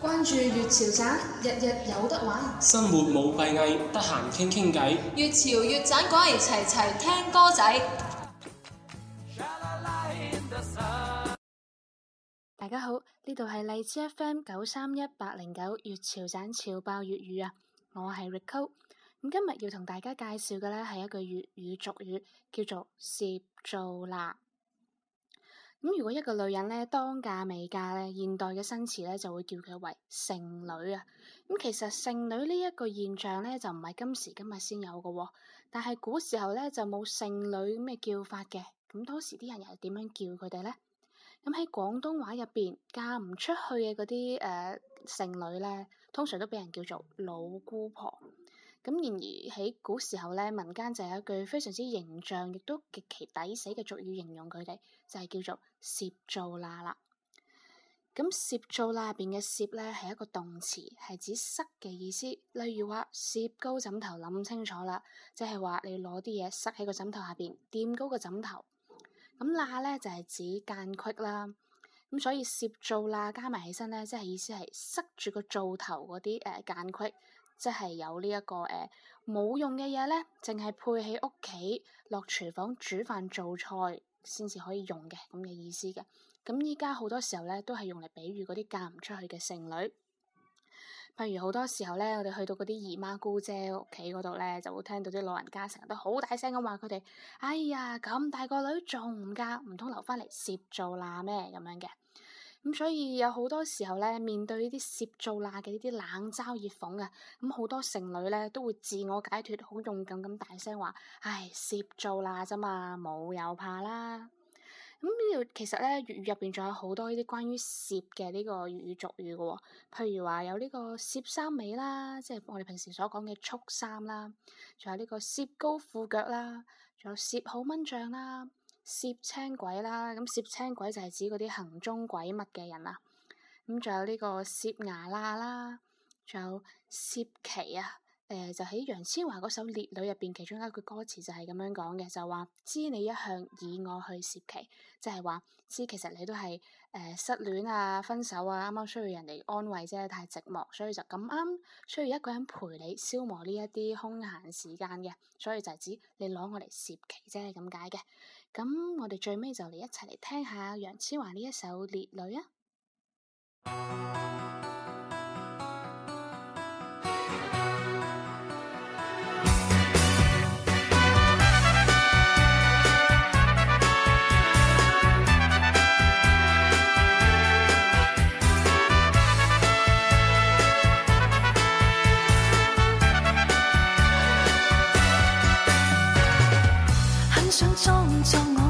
關注粵潮盃，日日有得玩。生活冇閉翳，得閒傾傾偈，粵潮粵盃講嚟齊齊，聽歌仔。大家好，呢度係荔枝 FM 九三一八零九粵潮盃潮爆粵語啊！我係 Rico，咁今日要同大家介紹嘅咧係一句粵語俗語，叫做攝灶罅。咁如果一個女人咧當嫁未嫁咧，現代嘅新詞咧就會叫佢為剩女啊。咁其實剩女呢一個現象咧就唔係今時今日先有噶，但係古時候咧就冇剩女咩叫法嘅。咁當時啲人又點樣叫佢哋咧？咁喺廣東話入邊嫁唔出去嘅嗰啲誒剩女咧，通常都俾人叫做老姑婆。咁然而喺古時候咧，民間就有一句非常之形象，亦都極其抵死嘅俗語形容佢哋，就係、是、叫做攝灶罅啦。咁攝灶罅入邊嘅攝咧係一個動詞，係指塞嘅意思。例如話攝高、就是、高枕頭，諗清楚啦，即係話你攞啲嘢塞喺個枕頭下邊，墊高個枕頭。咁罅咧就係指間隙啦。咁、嗯、所以攝灶罅加埋起身咧，即係意思係塞住個灶頭嗰啲誒間隙。即係有、這個呃、呢一個誒冇用嘅嘢咧，淨係配喺屋企落廚房煮飯做菜先至可以用嘅咁嘅意思嘅。咁依家好多時候咧，都係用嚟比喻嗰啲嫁唔出去嘅剩女。譬如好多時候咧，我哋去到嗰啲姨媽姑姐屋企嗰度咧，就會聽到啲老人家成日都好大聲咁話佢哋：，哎呀，咁大個女仲唔嫁，唔通留翻嚟攝灶罅咩？咁樣嘅。咁、嗯、所以有好多時候咧，面對呢啲攝灶罅嘅呢啲冷嘲熱諷嘅，咁、嗯、好多剩女咧都會自我解脫，好勇敢咁大聲話：，唉，攝灶罅啫嘛，冇有怕啦！咁呢度其實咧，粵語入邊仲有好多呢啲關於攝嘅呢個粵語俗語嘅喎，譬如話有呢個攝衫尾啦，即係我哋平時所講嘅速衫啦，仲有呢個攝高褲腳啦，仲有攝好蚊帳啦。攝青鬼啦，咁、嗯、攝青鬼就係指嗰啲行蹤詭秘嘅人啦。咁、嗯、仲有呢、這個攝牙罅啦，仲有攝期啊。誒、呃，就喺楊千嬅嗰首《烈女》入邊，其中一句歌詞就係咁樣講嘅，就話知你一向以我去攝期，即係話知其實你都係誒、呃、失戀啊、分手啊，啱啱需要人哋安慰啫，太寂寞，所以就咁啱需要一個人陪你消磨呢一啲空閒時間嘅，所以就係指你攞我嚟攝期啫，咁解嘅。咁我哋最尾就嚟一齊嚟聽下楊千嬅呢一首《烈女》啊！ 不想裝作我。